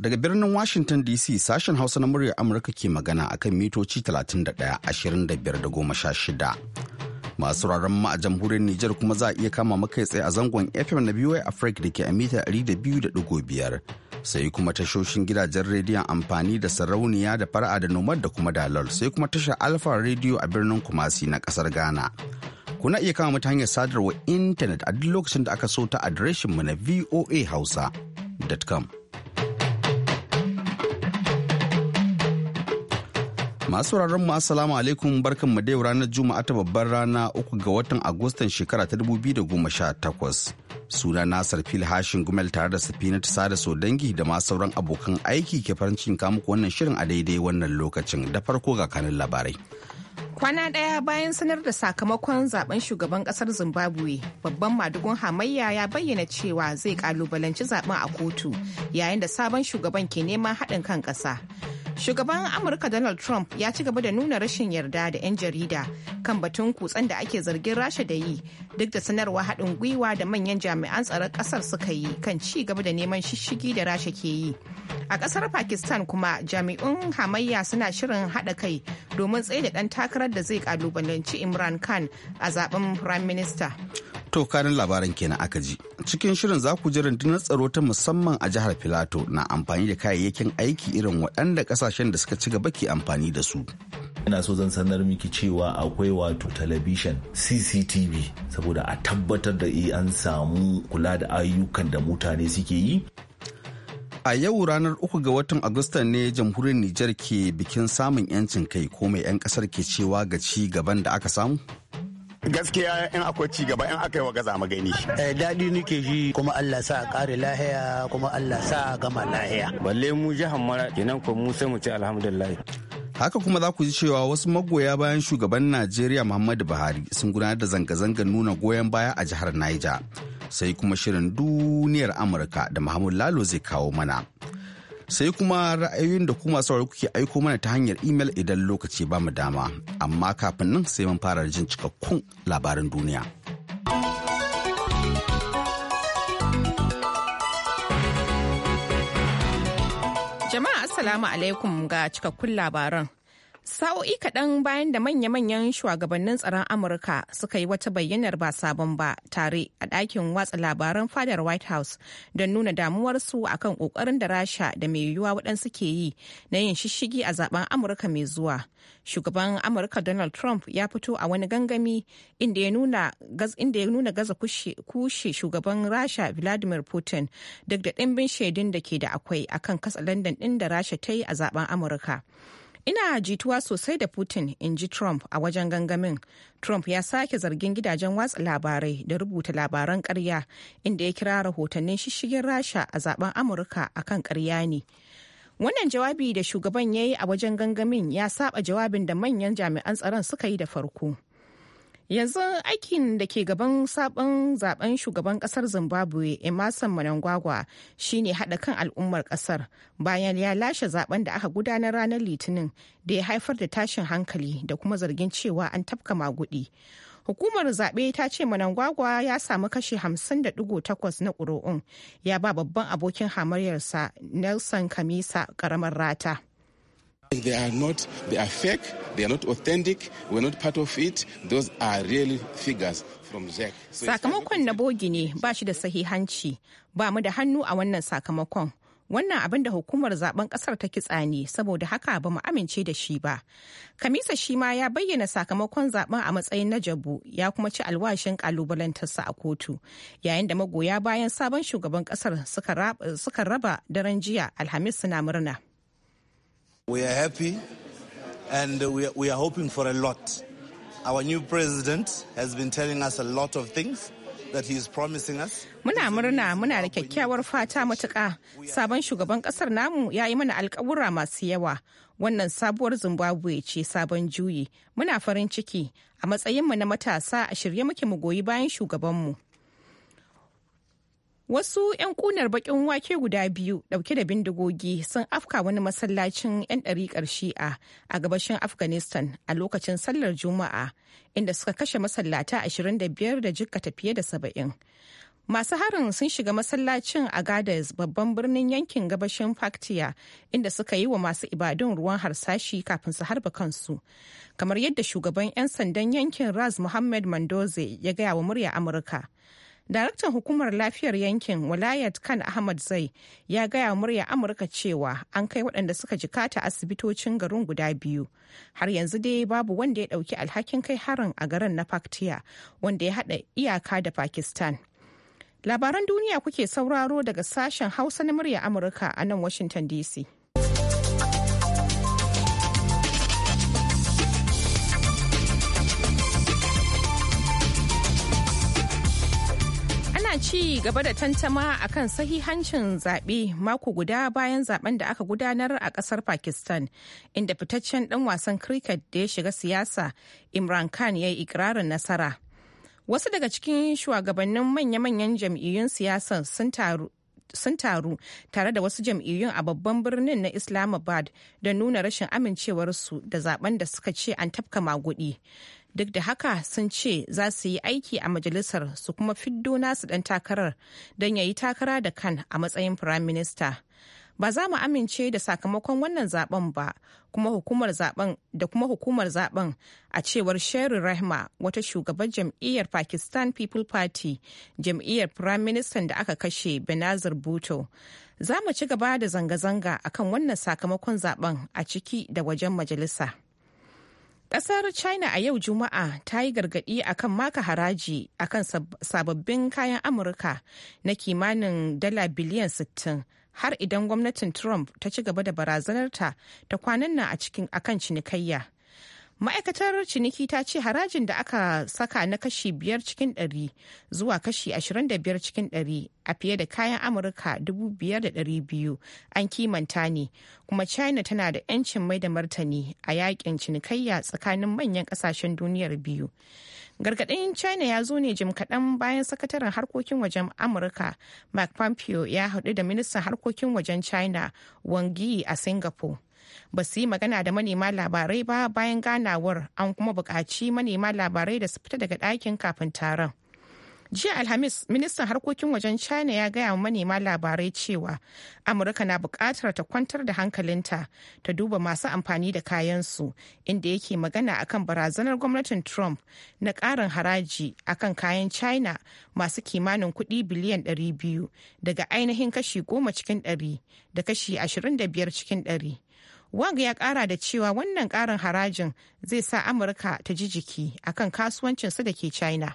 Daga birnin Washington DC sashen Hausa na muryar Amurka ke magana akan mitoci 31 25 shida Masu raron ma a jamhuriyar Nijar kuma za a iya kama makai tsaye a zangon FM na BY Africa da ke a mita 200.5. Sai kuma tashoshin gidajen rediyon amfani da sarauniya da fara'a da nomad da kuma dalol sai kuma tashar Alfa Radio a birnin Kumasi na kasar Ghana. Kuna iya kama mata hanyar sadarwa intanet a duk lokacin da aka so ta mu na voahausa.com. Masu wuraren mu assalamu alaikum barkan mu yau ranar Juma'a ta babbar rana uku ga watan Agustan shekara ta 2018. Suna Nasar Fil Hashin Gumel tare da Safina ta Sada so dangi da ma sauran abokan aiki ke farin cikin muku wannan shirin a daidai wannan lokacin da farko ga kanin labarai. Kwana ɗaya bayan sanar da sakamakon zaben shugaban ƙasar Zimbabwe, babban madugun hamayya ya bayyana cewa zai kalubalanci zaben a kotu yayin da sabon shugaban ke neman haɗin kan ƙasa. Shugaban Amurka Donald Trump ya ci gaba da nuna rashin yarda da 'yan jarida kan batun kutsen da ake zargin Rasha da yi duk da sanarwa haɗin gwiwa da manyan jami'an tsaron ƙasar suka yi kan ci gaba da neman shishigi da Rasha ke yi. A ƙasar Pakistan kuma jami'un hamayya suna shirin haɗa kai domin tsaye da ɗan takarar da zai ƙalubalanci Imran Khan a zaben Prime Minister. To kanin labaran kenan aka ji. Cikin shirin za ku ji rundunar tsaro ta musamman a jihar Filato na amfani da kayayyakin aiki irin waɗanda kasashen da suka ci gaba ke amfani da su. Ina so zan sanar miki cewa akwai wato talabishin CCTV saboda a tabbatar da eh, an samu kula da ayyukan da mutane suke yi. A yau ranar uku ga watan Agusta ne jamhuriyar Nijar ke bikin samun 'yancin kai ko mai 'yan kasar ke cewa ga ci gaban da aka samu? gaskiya in akwai ci gaba in aka yi wa gaza magani eh, daɗi nake ji kuma Allah sa ƙare lahiya kuma Allah sa gama lahiya balle mu jihar mara kenan ko mu sai mu ci alhamdulillah haka kuma za ku ji cewa wasu magoya bayan shugaban najeriya muhammadu buhari sun gudanar da zanga-zangar nuna goyon baya a jihar niger sai kuma shirin duniyar amurka da muhammadu lalo zai kawo mana sai kuma ra'ayoyin da kuma saurari kuke aiko mana ta hanyar imel idan lokaci ba mu dama amma kafin nan sai mun fara jin cikakkun labarin duniya jama'a assalamu alaikum ga cikakkun labaran Sa'o'i kaɗan bayan da manya-manyan shugabannin tsaron Amurka suka yi wata bayyanar ba sabon ba tare a ɗakin watsa labaran fadar White House don nuna damuwarsu akan ƙoƙarin da Rasha da mai yiwuwa waɗansu ke yi na yin shishigi a zaben Amurka mai zuwa. Shugaban Amurka Donald Trump ya fito a wani gangami inda ya nuna, gaza kushe, shugaban Rasha Vladimir Putin duk da ɗimbin shaidun da ke da akwai akan katsalandan ɗin da Rasha ta yi a zaben Amurka. Ina jituwa sosai da Putin, in ji Trump a wajen gangamin. Trump ya sake zargin gidajen watsa labarai da rubuta labaran karya inda ya kira rahotannin shishigin Rasha a zaben Amurka akan karya ne. Wannan jawabi da shugaban ya yi a wajen gangamin ya saba jawabin da manyan jami'an tsaron suka yi da farko. yanzu aikin da ke gaban sabon zaben shugaban kasar zimbabwe emerson mnangagwa shine hada kan al'ummar kasar bayan ya lashe zaben da aka gudanar ranar litinin da ya haifar da tashin hankali da kuma zargin cewa an tafka magudi hukumar zaɓe ta ce manangwagwa ya samu kashi 50.8 na ƙuri'un ya ba babban abokin hamayyarsa nelson kamisa ƙaramar rata They are not, they are fake, they are not authentic, we're not part of it. Those are real figures from Zek. sakamakon na bogi ne ba shi da sahihanci, ba mu da hannu a wannan sakamakon. wannan abin da hukumar zaben kasar ta kitsa ne saboda haka ba mu amince da shi ba kamisa shi ma ya bayyana sakamakon zaben a matsayin na jabu ya kuma ci alwashin kalubalantarsa a kotu yayin da magoya bayan sabon shugaban kasar suka raba daren jiya alhamis suna murna We are happy and we, we are hoping for a lot. Our new president has been telling us a lot of things. that he is promising us. Muna murna muna da kyakkyawar fata matuƙa. Sabon shugaban ƙasar namu ya yi mana alƙawura masu yawa. Wannan sabuwar Zimbabwe ce sabon juyi. Muna farin ciki a matsayinmu na matasa a shirye muke mu goyi bayan shugabanmu. Wasu 'yan kunar bakin wake guda biyu dauke da bindigogi sun afka wani masallacin 'yan ɗariƙar shi'a a gabashin Afghanistan a lokacin sallar Juma'a inda suka kashe masallata 25 da jikkata fiye da 70. Masu harin sun shiga masallacin a Gadas babban birnin yankin gabashin Faktiya inda suka yi wa masu ibadun ruwan harsashi kafin su harba kansu. Kamar yadda shugaban 'yan sandan yankin Raz mohammed Mandoze ya gaya wa murya Amurka. Daraktan hukumar lafiyar yankin Walayat Khan Ahmad Zai ya gaya murya Amurka cewa an kai waɗanda suka jikata asibitocin garin guda biyu. Har yanzu dai babu wanda ya ɗauki alhakin kai harin a garin na Paktiya wanda ya haɗa iyaka da Pakistan. Labaran duniya kuke sauraro daga sashen Hausa na murya Amurka a nan Washington DC. ci gaba da tantama a kan sahihancin zaɓe mako guda bayan zaben da aka gudanar a ƙasar Pakistan, inda fitaccen ɗan wasan cricket da ya shiga siyasa Imran Khan ya yi ikirarin nasara. Wasu daga cikin shugabannin manya-manyan jam'iyyun siyasa sun taru tare da wasu jam'iyyun a babban birnin na islamabad don nuna rashin amincewarsu da zaben da suka ce an tafka magudi duk da haka sun ce za su yi aiki a majalisar su kuma fiddo nasu dan takarar don ya yi takara da kan a matsayin firayim minista ba za mu amince da sakamakon wannan zaben ba da kuma hukumar zaben a cewar Sherin Rahma wata shugabar jam'iyyar Pakistan People Party jam'iyyar firayim Minister da aka kashe Benazir Bhutto za mu ci gaba da zanga-zanga akan wannan sakamakon zaben a ciki da wajen majalisa. Ƙasar China a yau Juma'a ta yi gargaɗi a kan maka haraji a kan sababbin kayan Amurka na kimanin dala biliyan 60 har idan gwamnatin Trump ta ci gaba da barazanarta ta kwanan nan a kan cinikayya. ma'aikatar ciniki ta ce harajin da aka saka na kashi biyar cikin ɗari zuwa kashi ashirin da biyar cikin ɗari a fiye da kayan amurka dubu biyar da ɗari biyu an kimanta ne kuma china tana da 'yancin mai da martani a yakin cinikayya tsakanin manyan ƙasashen duniyar biyu gargaɗin china ya zo ne jim kaɗan bayan sakataren harkokin wajen amurka mark pompeo ya haɗu da ministan harkokin wajen china wang a singapore ba su yi magana da manema labarai ba bayan ganawar an kuma buƙaci manema labarai da su fita daga ɗakin kafin taron. jiya alhamis ministan harkokin wajen china ya gaya wa manema labarai cewa amurka na bukatar ta kwantar da hankalinta ta duba masu amfani da kayansu inda yake magana akan barazanar gwamnatin trump na ƙarin haraji akan kayan china masu kimanin kudi biliyan 200 daga ainihin kashi 10 cikin 100 da kashi 25 cikin 100 Wang ya kara da cewa wannan karin harajin zai sa Amurka ta ji jiki akan kasuwancinsu da ke China.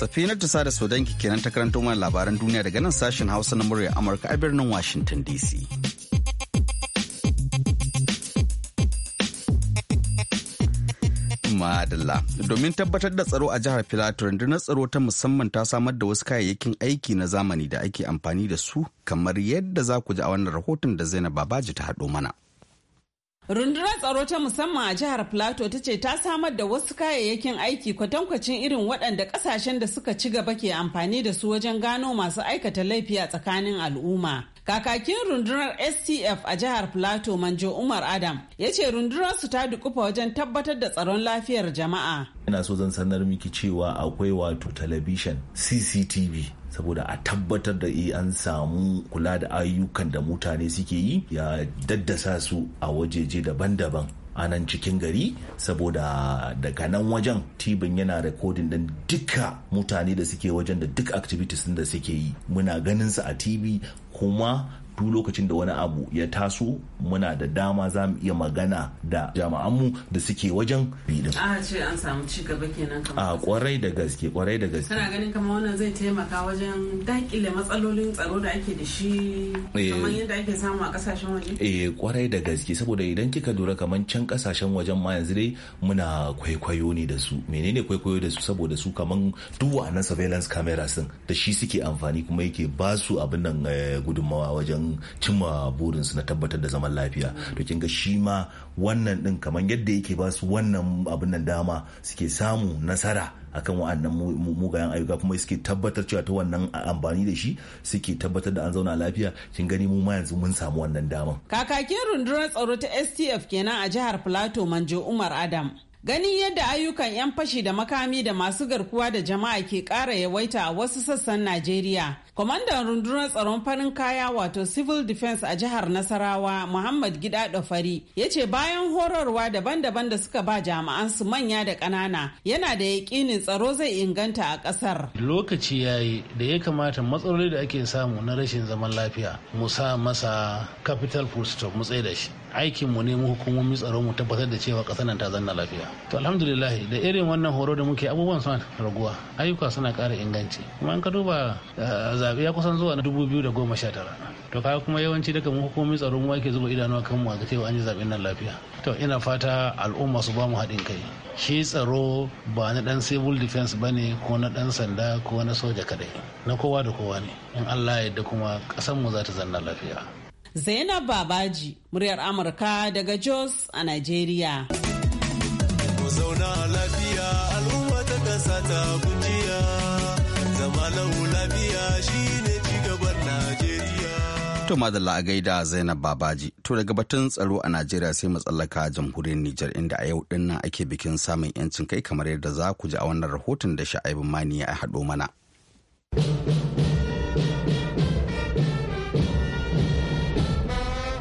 ta sada da Sodanki kenan ta karanto mana labaran duniya daga nan sashen Hausa na murya Amurka a birnin Washington DC. Madalla. Domin tabbatar da tsaro a jihar Filato, rundunar tsaro ta musamman ta samar da wasu kayayyakin aiki na zamani da ake amfani da su kamar yadda za ku ji a wannan rahoton da Zainab Babaji ta haɗo mana. Rundunar tsaro ta musamman a jihar Plateau ta ce ta samar da wasu kayayyakin aiki kwatankwacin irin waɗanda ƙasashen da suka ci gaba ke amfani da su wajen gano masu aikata laifi a tsakanin al'umma. Kakakin rundunar STF a jihar Plateau Manjo Umar Adam ya ce rundunar su ta dukufa wajen tabbatar da tsaron lafiyar jama'a. Ina so zan sanar miki cewa akwai wato talabishin CCTV saboda a tabbatar da eh, an samu kula da ayyukan da mutane suke yi ya daddasa su a wajeje daban-daban a nan cikin gari saboda daga nan wajen tibin yana rekodin din duka mutane da suke wajen da duk activities da suke yi muna ganin su a tv kuma du lokacin da wani abu ya taso muna da dama za mu iya magana da jama'anmu da suke wajen bidin. A ah, ce an samu ci gaba kenan kamar. Ah, a kwarai da gaske kwarai da gaske. Kana ganin kamar wannan zai taimaka wajen dakile matsalolin tsaro da ake da shi eh. kamar yadda ake samu a kasashen waje. Eh kwarai da gaske saboda idan kika dora kamar can kasashen wajen ma yanzu dai muna kwaikwayo ne da su menene kwaikwayo da su saboda su kamar duwa na surveillance cameras din da shi suke amfani kuma yake ba su abin nan eh, gudunmawa wajen cimma burinsu na tabbatar da zaman lafiya to kinga shi ma wannan din kamar yadda yake ba su wannan abin nan dama suke samu nasara akan wa'annan mugayen ayyuka kuma suke tabbatar cewa ta wannan amfani da shi suke tabbatar da an zauna lafiya kin gani mu ma yanzu mun samu wannan daman kakakin rundunar tsaro ta STF kenan a jihar Plateau Manjo Umar Adam gani yadda ayyukan 'yan fashi da makami da masu garkuwa da jama'a ke ƙara yawaita a wasu sassan Najeriya, Kwamandan rundunar tsaron farin kaya wato Civil Defense a jihar Nasarawa Muhammad Gida Dofari ya ce bayan horarwa daban-daban da suka ba jami'an su manya da ƙanana yana da yaƙinin tsaro zai inganta a ƙasar. Lokaci ya yi da ya kamata matsaloli da ake samu na rashin zaman lafiya mu sa masa capital stop mu tsaye da shi. aikin mu ne mu hukumomi tsaro mu tabbatar da cewa ƙasar nan ta zanna lafiya. To alhamdulillah da irin wannan horo da muke abubuwan suna raguwa ayyuka suna ƙara inganci. Kuma an ka duba eh, zaɓe ya kusan zuwa na dubu biyu da goma sha tara to kaga kuma yawanci daga mu hukumomin tsaron mu ake zuba idanu kan kanmu a ga cewa an yi zaɓen nan lafiya to ina fata al'umma su ba mu haɗin kai shi tsaro ba na ɗan civil defense ba ne ko na ɗan sanda ko na soja kadai na kowa da kowa ne in Allah ya yarda kuma ƙasar mu za ta zanna lafiya Zainab Babaji muryar Amurka daga Jos a Najeriya zauna lafiya zama lau lafiya shine Najeriya. To madalla a gaida Zainab Babaji. To daga batun tsaro a Najeriya sai matsalaka jamhuriyar Nijar inda a yau dinnan ake bikin samun 'yancin kai kamar yadda za ku ji a wannan rahoton da sha'aibin mani ya haɗo mana.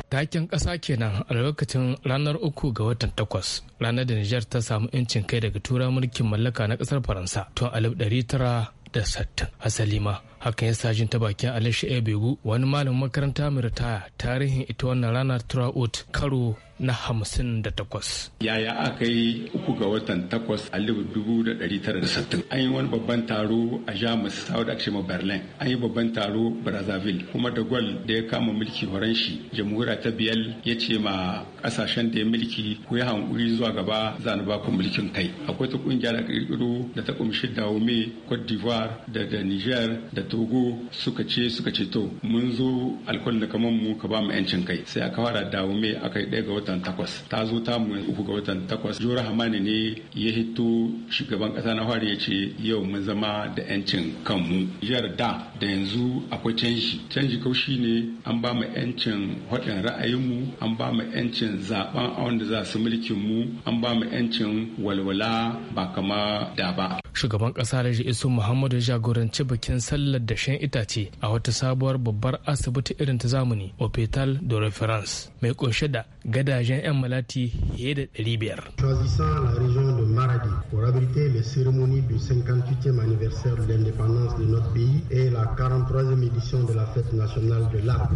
taken ƙasa kenan a lokacin ranar uku ga watan takwas ranar da Nijar ta samu 'yancin kai daga tura mulkin mallaka na ƙasar Faransa tun alif ɗari tara da sattin asali ma hakan ya sajin ta bakin alin begu wani malamin makaranta mai ritaya tarihin ita wannan ranar throughout karo na hamsin da takwas. Yaya aka yi uku ga watan takwas a dubu da ɗari tara da sittin. An yi wani babban taro a Jamus, sau da ake Berlin. An yi babban taro Brazzaville. Kuma da gwal da ya kama mulki horon shi, jamhuriya ta biyar ya ce ma ƙasashen da ya mulki ku yi hankuri zuwa gaba za ba ku mulkin kai. Akwai ta ƙungiyar da ƙirƙiro da ta ƙumshi Dahomey, Cote d'Ivoire da da Niger da Togo suka ce suka ce to mun zo alkwal da kamar mu ka ba mu 'yancin kai. Sai aka fara Dahomey aka yi ɗaya ga wata watan takwas ta zo ta mu uku ga watan takwas jura hamani ne ya hito shugaban kasa na fari ya ce yau mun zama da yancin kanmu jihar da da yanzu akwai canji canji kau ne an ba mu yancin haɗin ra'ayinmu an ba mu yancin zaben a wanda za su mulkin mu an ba mu yancin walwala ba kama da ba shugaban kasa Alhaji Isu Muhammadu jagoranci bikin sallar dashen itace a wata sabuwar babbar asibiti irin ta zamani Hopital de Reference mai kunshe da gadajen 'yan malati fiye da 500. la région de Maradi pour abriter les cérémonies du 58e anniversaire de l'indépendance de notre pays et la 43e édition de la fête nationale de l'art.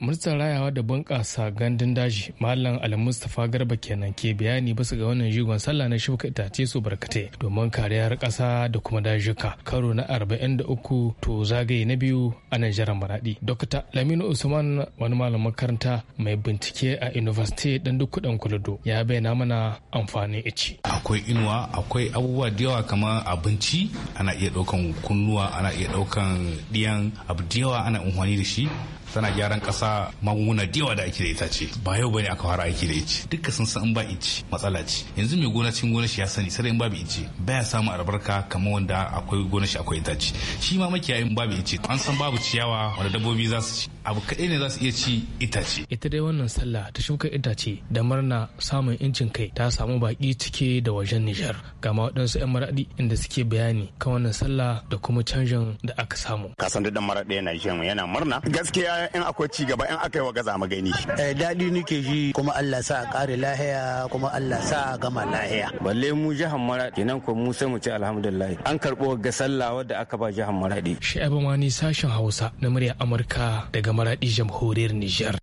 Murtar rayawa da bunƙasa gandun daji Malam mustafa Garba kenan ke bayani bisa ga wannan jigon sallah na shuka itace su barkatai domin kariyar ƙasa da kuma dajuka. Karo na 43 to zagaye na biyu a Najeriya Maradi. Dokta Laminu Usman wani malam makaranta mai bincike a University dan kudan kuludo ya bayyana mana amfanin ice. Akwai inuwa, akwai abubuwa da yawa kamar abinci, ana iya ɗaukan kunnuwa, ana iya ɗaukan ɗiyan abu da yawa ana amfani da shi tana gyaran kasa magunguna da da ake da itace ba yau bane aka fara aiki da ita duka sun san in ba ice matsala ce yanzu mai gona cin gona shi ya sani sai in babu ice baya samu albarka kamar wanda akwai gona shi akwai itace shi ma makiyayin babu ice an san babu ciyawa wanda dabbobi za su ci abu kaɗai ne za su iya ci itace ita dai wannan sallah ta shuka itace da murna samun incin kai ta samu baki cike da wajen Nijar ga ma waɗansu 'yan maraɗi inda suke bayani kan wannan sallah da kuma canjin da aka samu kasan da dan maraɗi yana yana murna gaskiya in akwai ci gaba in aka yi wa gaza magani. Eh, daɗi nake ji kuma Allah sa a ƙare lahiya kuma Allah sa a gama lahiya. balle mu jihar Maraɗi kenan ko mu sai mu ce alhamdulillah an karɓo ga sallah wadda aka ba jihar Maraɗi. Shi'abu Mani sashen Hausa na murya Amurka daga Maraɗi jamhuriyar Nijar.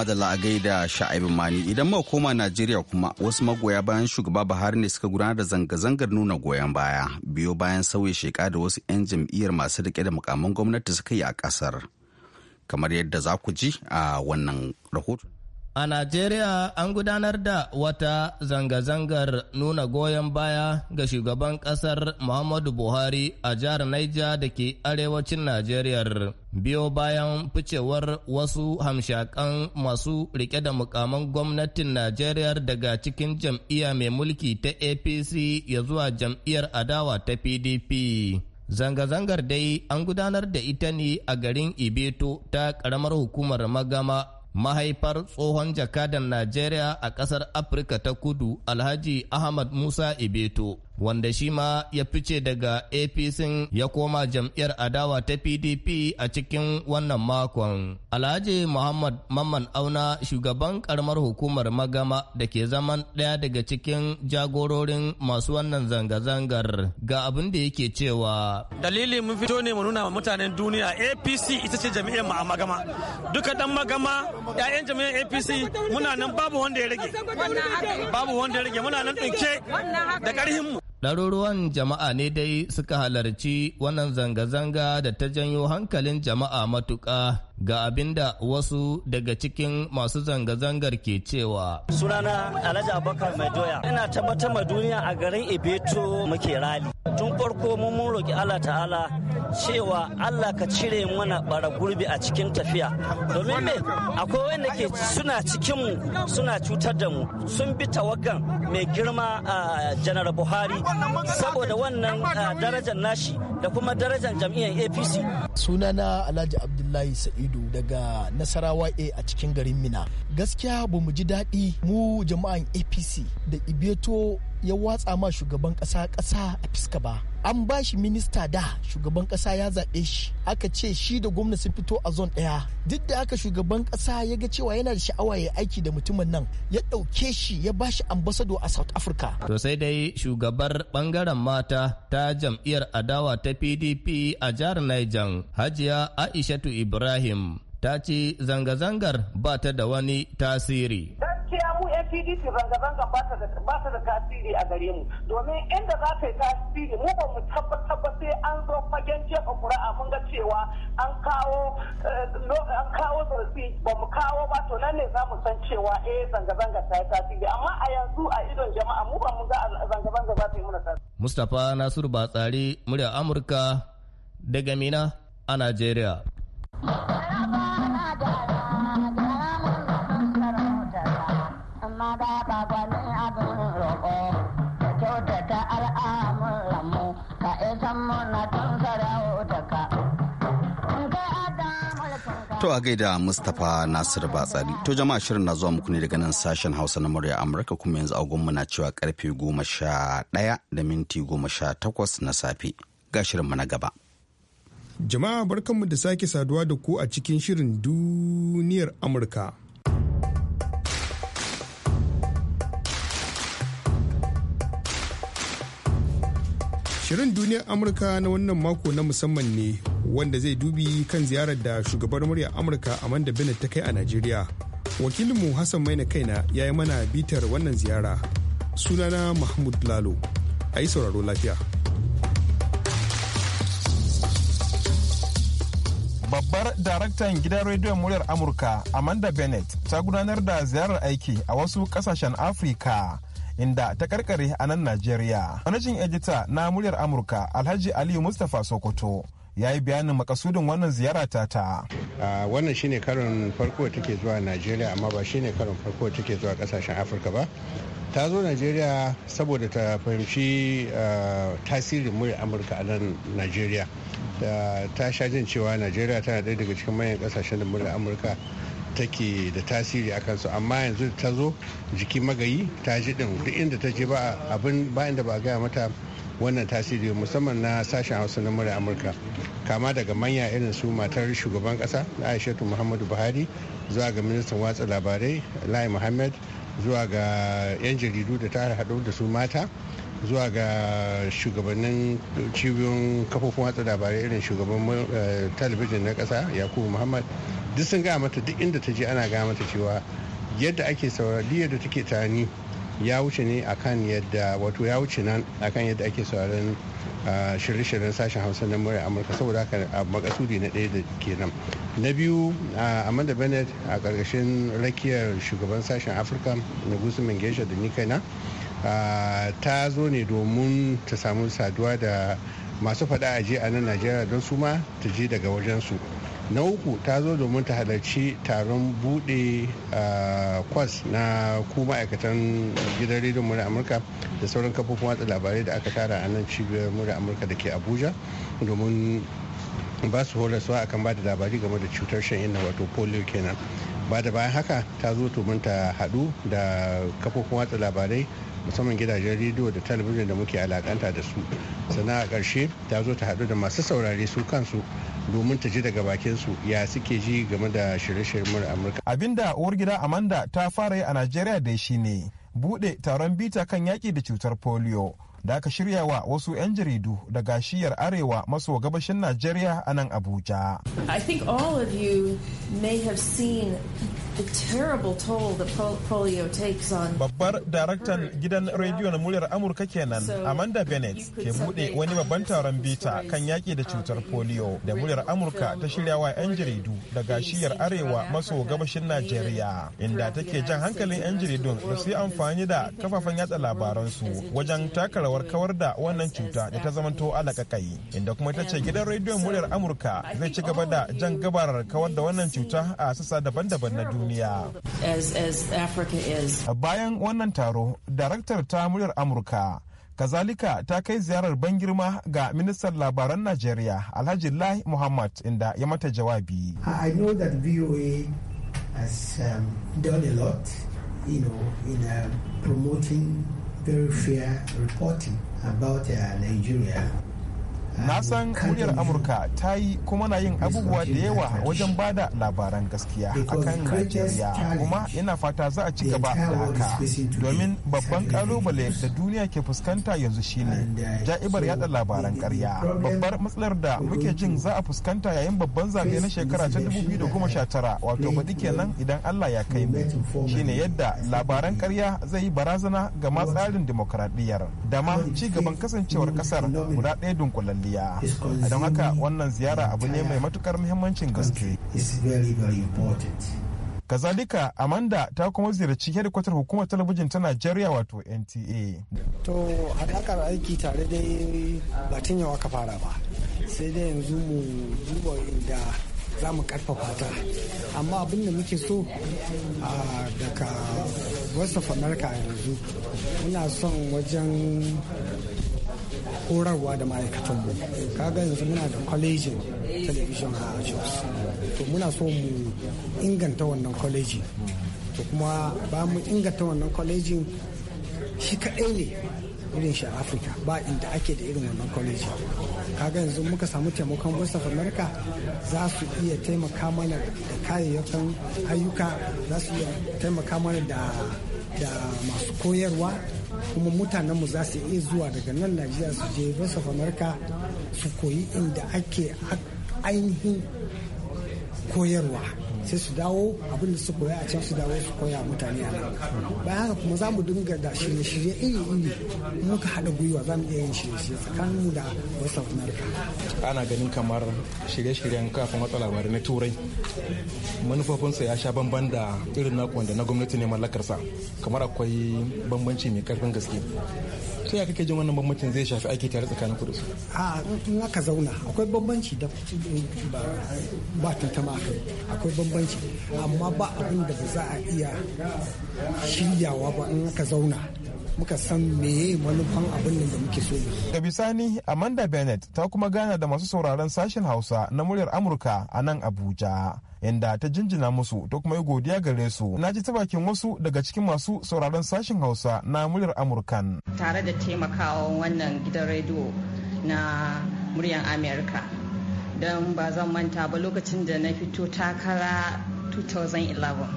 da la'agai da sha'ibin mani idan ma koma najeriya kuma wasu magoya bayan shugaba buhari ne suka gudanar da zanga-zangar nuna goyon baya biyo bayan sauya sheka da wasu 'yan jam'iyyar masu rike da mukamin gwamnati suka yi a kasar kamar yadda za ku ji a wannan rahoton A Najeriya an gudanar da wata zanga-zangar nuna goyon baya ga shugaban ƙasar Muhammadu Buhari a jihar Naija da ke arewacin Najeriya. Biyo bayan ficewar wasu hamshakan masu rike da mukaman gwamnatin Najeriya daga cikin jam'iyya mai mulki ta APC ya zuwa jam'iyyar adawa ta PDP. Zanga-zangar dai an gudanar da ita ne a garin Ibeto ta ƙaramar hukumar Magama mahaifar tsohon jakadan Najeriya a ƙasar Afirka ta kudu Alhaji Ahmad Musa Ibeto wanda shi ma ya fice daga apc ya koma jam'iyyar adawa ta pdp a cikin wannan makon alhaji muhammad mamman auna shugaban karamar hukumar magama da ke zaman ɗaya daga cikin jagororin masu wannan zanga-zangar ga abin da yake cewa dalili mun fito ne mu nuna mutanen duniya apc ita ce jam'iyyar mu a magama duka dan magama 'ya'yan jam'iyyar apc muna nan babu wanda ya rage babu wanda ya rage muna nan ɗauke da ƙarhin mu Ɗaruruwan jama'a ne dai suka halarci wannan zanga-zanga da ta janyo hankalin jama'a matuƙa ga abin da wasu daga cikin masu zanga-zangar ke cewa. Sunana Alhaji Abubakar Mai Doya. Ina tabbatar ma duniya a garin Ibeto muke rali. Tun farko mun mun roki Allah Ta'ala cewa Allah ka cire mana bara gurbi a cikin tafiya. Domin me akwai wanda ke suna cikin mu suna cutar da mu. Sun bi tawagan mai girma a Janar Buhari saboda wannan darajar nashi da kuma darajar jam'iyyar APC. Sunana Alhaji Abdullahi Sa'idu Hamidu daga Nasarawa A a cikin garin Mina. Gaskiya ba mu ji daɗi mu jama'an APC da Ibeto ya watsa ma shugaban kasa kasa a fiska ba an ba shi minista da shugaban kasa ya zaɓe shi aka ce shi da gwamna sun fito a zon ɗaya duk da aka shugaban kasa ya ga cewa yana da sha'awa ya aiki da mutumin nan ya ɗauke shi ya ba shi ambasado a south africa to sai dai shugabar bangaren mata ta jam'iyyar adawa ta pdp a jihar niger hajiya aishatu ibrahim ta ce zanga-zangar ba ta da wani tasiri pdp zanga-zanga ba ta da tasiri a gare mu domin inda za ta yi tasiri mu ba mu tabbatar sai an zo fagen jefa kuri'a mun ga cewa an kawo eh, an kawo zarafi ba mu kawo ba to nan ne za mu san cewa eh zanga-zanga ta yi tasiri amma a yanzu a idon jama'a mu ba mu ga zanga-zanga za ta yi muna tasiri. Mustapha Nasiru Batsari murya Amurka daga Mina a Najeriya. To a gaida Mustapha nasiru Batsari. To jama'a shirin na zuwa muku ne daga nan sashen Hausa na murya Amurka kuma yanzu agonmu na cewa karfe goma sha ɗaya da minti goma sha takwas na safe. Ga shirin mu na gaba. Jama'a barkanmu da sake saduwa da ku a cikin shirin duniyar Amurka. Shirin duniyar Amurka na wannan mako na musamman ne wanda zai dubi kan ziyarar da shugabar muryar amurka a manda bennett ta kai a najeriya wakilinmu hassan maina kaina ya yi mana bitar wannan ziyara sunana mahmud lalo a yi sauraro lafiya babbar daraktan gidan rediyon muryar amurka amanda bennett ta gudanar da ziyarar aiki a wasu kasashen afirka inda ta karkare a nan najeriya manajin edita na muryar amurka alhaji aliyu mustapha sokoto ya yi bayanin makasudin wannan ziyara ta ta. wannan shine karin farko da take zuwa najeriya amma ba shine karin farko take zuwa kasashen afirka ba ta zo najeriya saboda ta fahimci tasirin murya amurka a nan najeriya ta sha jin cewa najeriya tana ɗaya daga cikin manyan kasashen da murya amurka take da tasiri a kansu amma yanzu ta zo jiki magayi ta ji ɗin duk inda ta je ba abin ba inda ba gaya mata wannan tasiri musamman na sashen hausa na murar amurka kama daga manya irin su matar shugaban kasa aishatu muhammadu buhari zuwa ga ministan watsa labarai lai muhammad zuwa ga 'yan jaridu da ta haɗu da su mata zuwa ga shugabannin cibiyoyin kafofin watsa labarai irin shugaban eh, talabijin na ƙasa yakubu muhammad duk sun gaya mata duk inda ta je ana gaya mata cewa yadda ake saurari yadda take tani ya wuce ne akan yadda wato ya wuce nan akan yadda ake sauran ah, shirye-shiryen sashen hausa na murya amurka saboda haka a makasudi na ɗaya da kenan na biyu ah, amanda bennett a ƙarƙashin rakiyar shugaban sashen afirka na gusu mangesha da nikaina ah, ta zo ne domin ta samu saduwa da masu faɗa aje a nan najeriya don su ma ta je daga wajen su. na uku ta zo domin ta halarci taron bude ah, kwas na ku ma'aikatan gidan rediyon murya amurka da sauran kafofin watsa labarai da aka tara a nan cibiyar murya amurka da ke abuja domin ba su horaswa akan ba da labari game da cutar shan inna wato polio kenan ba da bayan haka ta zo domin ta hadu da kafofin watsa labarai musamman gidajen rediyo da talabijin da muke alakanta da su sannan a ƙarshe ta zo ta hadu da masu saurare su kansu domin ta ji daga bakin su ya suke ji game da shirye-shiryen amurka abinda uwar gida amanda ta fara yi a najeriya da shi ne bude taron bita kan yaki da cutar polio da aka shirya wa wasu 'yan jaridu daga shiyar arewa maso gabashin najeriya a nan abuja i think all of you may have seen the terrible Babbar daraktan gidan rediyo na muryar Amurka kenan Amanda Bennett ke bude wani babban taron bita kan yaki da cutar polio da muryar Amurka ta shiryawa 'yan jaridu daga shiyar arewa maso gabashin Najeriya inda take jan hankalin 'yan jaridun da su yi amfani da kafafen yatsa labaransu wajen taka rawar kawar da wannan cuta da ta zamanto alakakai inda kuma ta ce gidan rediyon muryar Amurka zai ci gaba da jan gabarar kawar da wannan cuta a sassa daban-daban na duniya. duniya. Bayan wannan taro, daraktar ta muryar Amurka kazalika ta kai ziyarar ban girma ga ministan labaran Najeriya Alhaji Lai Muhammad inda ya mata jawabi. I know that VOA um, um, very fair reporting about uh, Nigeria. na san muryar amurka ta yi kuma na yin abubuwa da yawa wajen ba da labaran gaskiya a kan najeriya kuma yana fata za a ci gaba da haka domin babban kalubale da duniya ke fuskanta yanzu shine uh, ja'ibar yada labaran karya babbar matsalar da muke jin za a fuskanta yayin babban zaɓe na shekara ta 2019 wato baɗi kenan idan allah ya kai mu shine yadda labaran karya zai yi barazana ga ma tsarin dama da ma ci gaban kasancewar ƙasar guda ɗaya dunkulalle kwalliya don haka wannan ziyara abu ne mai matukar muhimmancin gaske kazalika amanda ta kuma ziyarci hedikwatar hukumar talabijin ta najeriya wato nta to haɗakar aiki tare dai batun yawa ka fara ba sai dai yanzu mu duba inda za mu karfafa ta amma abin da muke so daga west of america yanzu muna son wajen horarwa da ma'aikatanmu kaga yanzu muna da kwalejin talabijin a jos to muna so mu inganta wannan kwaleji to kuma ba mu inganta wannan kwalejin shi kaɗai ne irin shi a afirka ba inda ake da irin wannan kwaleji kaga yanzu muka samu taimakon voice of america za su iya taimaka mana da kayayyakin ayyuka za su iya taimaka mana da da masu koyarwa kuma mutanenmu za su iya zuwa daga nan najeriya su je voice of america su koyi inda ake ainihin koyarwa sai su dawo abin da su koya a can su dawo su koya mutane a nan bayan haka kuma za mu dinga da shirye-shirye iri-iri muka haɗa gwiwa za mu iya yin shirye-shirye tsakanin mu da wasu amurka ana ganin kamar shirye-shiryen kafin watsa labarai na turai manufofinsa ya sha bamban da irin naku wanda na gwamnati ne mallakarsa kamar akwai bambanci mai karfin gaske ta yaya kake jin wannan bambancin zai shafi aiki tare tsakanin ku da su a in aka zauna akwai bambanci da ba tantama akai akwai bambanci amma ba abin da ba za a iya shiryawa ba in aka zauna muka san meye manufan abin da muke so da bisani amanda bennett ta kuma gana da masu sauraron sashen hausa na muryar amurka a nan abuja inda ta jinjina musu ta kuma yi godiya gare su na ji ta bakin wasu daga cikin masu sauraron sashen hausa na muryar amurkan tare da taimakawa wannan gidan rediyo na muryar amurka don ba zan manta ba lokacin da na fito takara 2011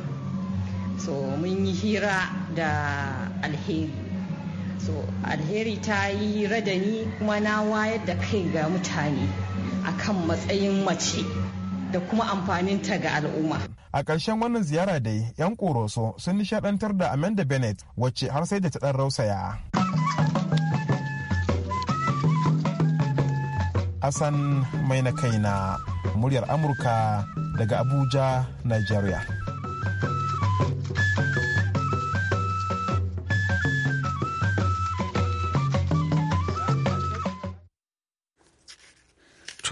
so mun yi hira da alheri so alheri ta yi radani kuma na wayar da kai ga mutane akan matsayin mace da kuma amfanin ta ga al'umma. A ƙarshen wannan ziyara dai, 'yan ƙoroso sun nishadantar da Amanda Bennett wacce har sai da ta dan rausaya. Hassan mai na kai na muryar Amurka daga Abuja, Nigeria.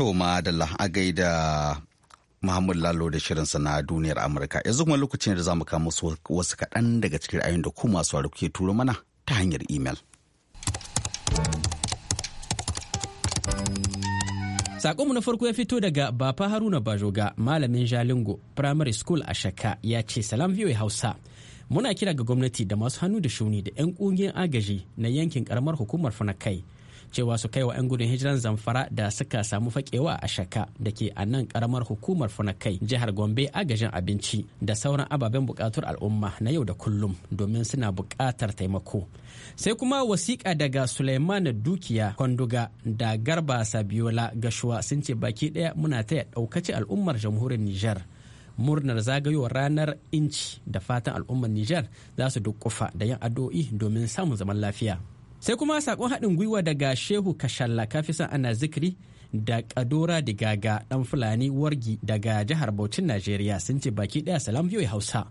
To ma da la'agai da Muhammad Lalo da shirinsa na duniyar Amurka. Yanzu kuma lokacin da za mu kama wasu kaɗan daga cikin ra'ayin da ku masu wari kuke turo mana ta hanyar imel. mu na farko ya fito daga Bafa Haruna Bajoga, malamin Jalingo, Primary School a shaka ya ce Salam VOA Hausa. Muna kira ga gwamnati da masu hannu da shuni da 'yan ƙungiyar agaji na yankin ƙaramar hukumar Fanakai cewa su kai wa 'yan gudun hijiran zamfara da suka samu fakewa a shaka da ke a nan karamar hukumar funakai jihar gombe agajin abinci da sauran ababen bukatar al'umma na yau da kullum domin suna bukatar taimako sai kuma wasiƙa daga suleiman dukiya kwanduga da garba sabiola gashuwa sun ce baki ɗaya muna taya ɗaukaci al'ummar jamhuriyar nijar murnar zagayowar ranar inci da fatan al'ummar Nijar za su dukkufa da yin addu'o'i domin samun zaman lafiya. sai kuma sakon haɗin gwiwa daga shehu kashalla kafisan ana zikiri da kadora digaga ɗan fulani wargi daga jihar Bauchin Najeriya sun ce baki ɗaya salam biyu Hausa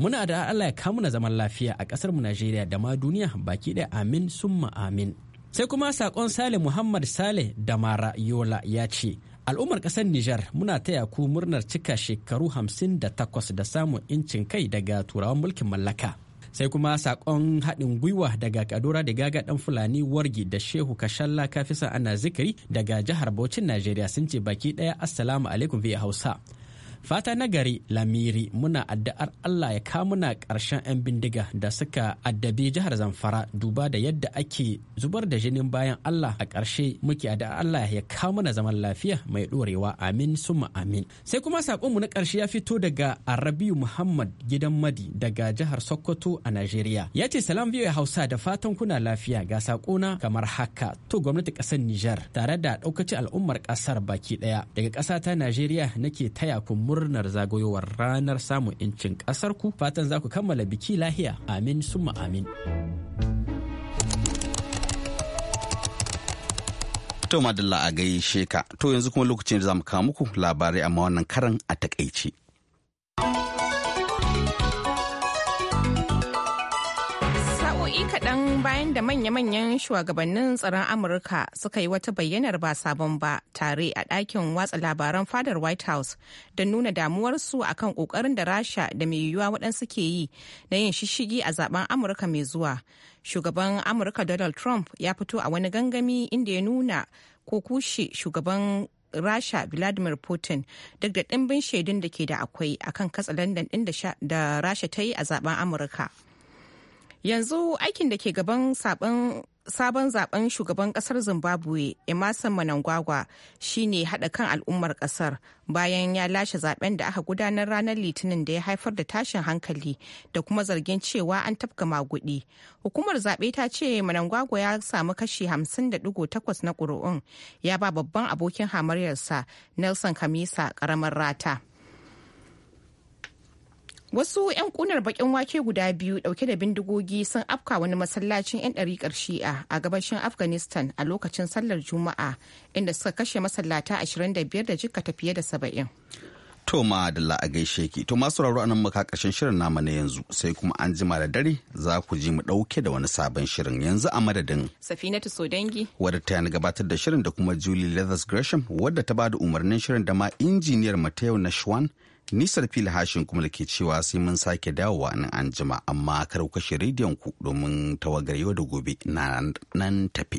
muna da Allah ya kamu na zaman lafiya a kasar mu Najeriya da ma duniya baki daya amin summa amin sai kuma sakon Sale Muhammad Sale da Mara Yola ya ce al'ummar kasar Nijar muna taya ku murnar cika shekaru hamsin da takwas da samun incin kai daga turawan mulkin mallaka sai kuma sakon haɗin gwiwa daga kadura da gaga dan fulani wargi da shehu kashalla kafisa ana zikiri daga jihar bauchin najeriya sun ce baki ɗaya assalamu alaikum via hausa fata na gari lamiri muna addu'ar allah ya kamuna ƙarshen 'yan bindiga da suka addabi jihar zamfara duba da yadda ake zubar da jinin bayan allah a ƙarshe muke addu'ar allah ya kamuna zaman lafiya mai ɗorewa amin summa amin sai kuma saƙonmu na ƙarshe ya fito daga arabiyu muhammad gidan madi daga jihar sokoto a najeriya ya ce salam biyu hausa da fatan kuna lafiya ga saƙona kamar haka to gwamnati ƙasar nijar tare da ɗaukacin al'ummar ƙasar baki ɗaya daga ƙasa ta najeriya nake taya kun murnar zagayowar ranar samun 'yancin ƙasarku ku fatan za ku kammala biki lahiya amin summa amin to madalla a gaishe ka to yanzu kuma lokacin da za kawo muku labarai amma wannan karan a takaice. bayan da manya-manyan shugabannin tsaron amurka suka yi wata bayyanar ba sabon ba tare a ɗakin watsa labaran fadar white house don nuna damuwarsu akan ƙoƙarin da rasha da mai yiwuwa waɗansu ke yi na yin shishigi a zaben amurka mai zuwa shugaban amurka donald trump ya fito a wani gangami inda ya nuna ko kushe shugaban rasha vladimir putin duk da ɗimbin shaidun da ke da akwai akan katsalandan ɗin da rasha ta yi a zaben amurka yanzu aikin da ke gaban sabon zaɓen zaben shugaban kasar zimbabwe emerson manangwagwa shine hada kan al'ummar kasar bayan ya lashe zaben da aka gudanar ranar litinin da ya haifar da tashin hankali da kuma zargin cewa an tafka magudi hukumar zaɓe ta ce manangwagwa ya samu kashi 50.8 na ƙuri'un ya ba babban abokin hamaryarsa nelson kamisa ƙaramar rata Wasu 'yan kunar bakin wake guda biyu dauke da bindigogi sun afka wani masallacin 'yan ɗariƙar shi'a a gabashin Afghanistan a lokacin sallar Juma'a inda suka kashe masallata 25 da jikata fiye da 70. Toma da la'agai ki to masu rauro anan muka ƙarshen shirin namu na yanzu sai kuma an jima da dare za ku ji mu ɗauke da wani sabon shirin yanzu a madadin. Safinatu Sodangi. Wadda ta yana gabatar da shirin da kuma Julie Leathers Gresham wadda ta bada umarnin shirin da ma injiniyar Mateo Nashwan. Nisar fili hashin kuma da ke cewa sai mun sake dawowa nan an jima amma kar kashe rediyon ku domin tawagar yau da gobe na nan tafi.